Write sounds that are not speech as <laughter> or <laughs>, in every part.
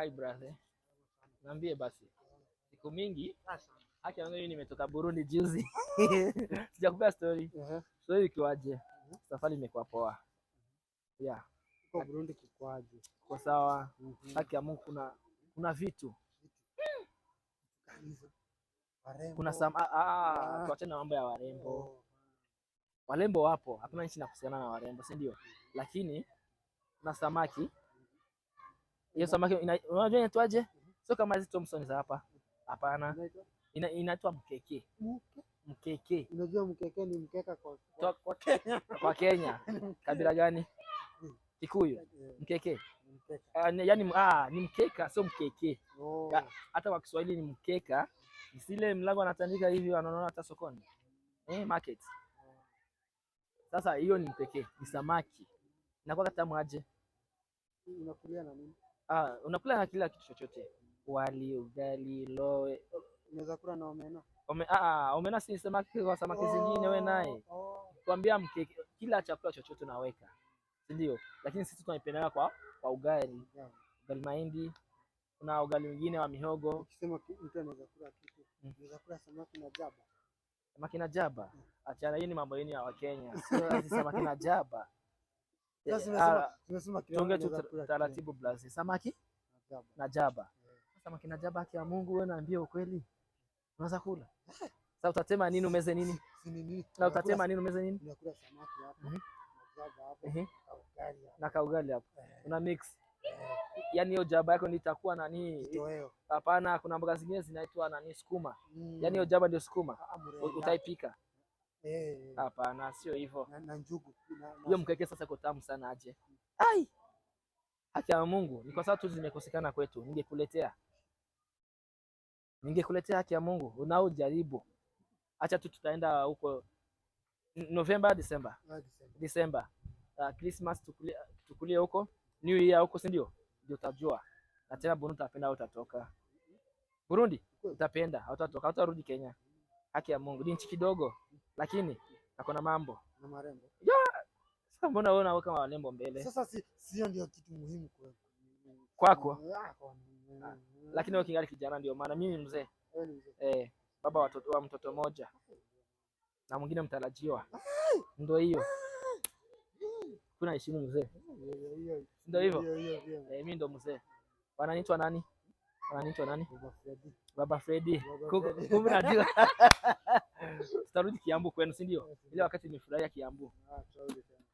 Hi brother. Niambie basi. Siku mingi hata mimi nimetoka Burundi juzi. <laughs> Sijakupea story. Uh -huh. Story ikiwaje? Uh -huh. Safari imekuwa poa. Uh-huh. Yeah. Kwa Burundi kikwaje? Kwa sawa. Uh-huh. Haki ya Mungu kuna kuna vitu. Kuna sam ah ah, ah, ah, tuachane na mambo ya warembo. Oh. Warembo wapo, hakuna nchi na kusiana na warembo, si ndio? Uh-huh. Lakini na samaki hiyo samaki unajua inaitwaje? Mhm. Sio kama hizo Thompson za hapa, hapana, inaitwa mkeke. Mkeke, unajua mkeke ni mkeka kwa kwa Kenya, <laughs> kwa Kenya kabila gani? Hmm. Kikuyu. Mkeke Uh, yani ah, ni mkeka, sio mkeke. Oh. Hata kwa Kiswahili ni mkeka, sile mlango anatandika hivi, wanaona hata sokoni, eh, market. Sasa hiyo ni mkeke, ni samaki. Inakuwa tamu aje? Unakulia na nini? Ah, unakula kila kitu chochote, wali, ugali, lowe. Unaweza kula na omena. Ah, ah, omena si samaki kwa samaki zingine, wewe naye oh, oh. kwambia mke, kila chakula chochote unaweka, si ndio? Lakini sisi tunaipendelea kwa kwa ugali, yeah. Ugali mahindi na ugali mwingine wa mihogo. Ukisema mtu anaweza kula kitu, mm. anaweza kula samaki na jaba. Samaki na jaba, mm. achana. Hii ni mambo yenu ya Wakenya, sio samaki na jaba Ah, tuongee tu taratibu blaze. Samaki na jaba, samaki na jaba, haki ya Mungu, wewe naambia ukweli, unaweza kula eh. sasa. Utatema nini umeze nini na utatema nini umeze nini mhm. mhm. na kaugali hapo, eh. una mix eh. yaani hiyo jaba yako nitakuwa nani? Hapana, kuna mboga zingine zinaitwa nani, sukuma. Mm. Yaani hiyo jaba ndio sukuma, ah, ah, utaipika Eh. Hapana, sio hivyo. Na njugu. Hiyo mkeke sasa iko tamu sana aje. Mm. Ai! Haki ya Mungu, ni kwa sababu tu zimekosekana kwetu. Ningekuletea. Ningekuletea haki ya Mungu. Unao jaribu. Acha tu tutaenda huko Novemba, Disemba. Ah, Disemba. Uh, Christmas tukulie tukulie huko. New Year huko, si ndio? Ndio utajua. Na tena Burundi utapenda au utatoka. Burundi utapenda, hautatoka, hautarudi Kenya. Haki ya Mungu, ni nchi kidogo lakini ako na mambo na marembo. Sasa mbona wewe unaweka marembo mbele? Sasa si sio ndio kitu muhimu kwako ah, kwako, lakini wewe kingali kijana, ndio maana mimi mzee eh, baba watoto wa mtoto moja na mwingine mtarajiwa, ndio hiyo kuna heshima mzee, ndio hivyo eh, mimi ndo mzee. Wananiitwa nani? Wananiitwa nani? Baba Fredi, kumbe najua <laughs> tutarudi Kiambu kwenu, si ndio? Ile wakati nimefurahia Kiambu,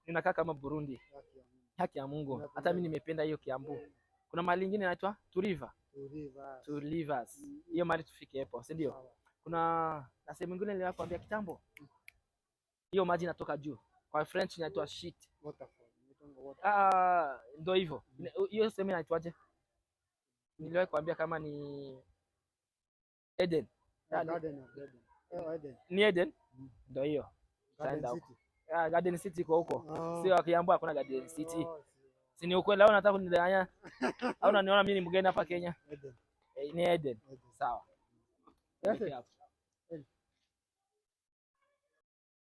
ninakaa kama Burundi. Haki ya Mungu, hata mimi nimependa hiyo Kiambu. Kuna mahali ingine inaitwa Tuliva, Turiva hiyo mahali, tufike hapo, si ndio? Kuna na sehemu ingine niliwakwambia kitambo, hiyo maji inatoka juu, kwa French inaitwa shit Ah, ndio hivyo. Hiyo sehemu inaitwaje? Niliwahi kuambia kama ni Eden. Garden of Eden. Eh, ni Eden, mm. ndio hiyo Garden City ah, kwa huko ah. Sio akiambua hakuna Garden City oh, si ni ukweli au nataka kunidanganya <laughs> au unaniona mimi ni mgeni hapa Kenya? Eden. Hey, eh, ni Eden, Eden. Sawa.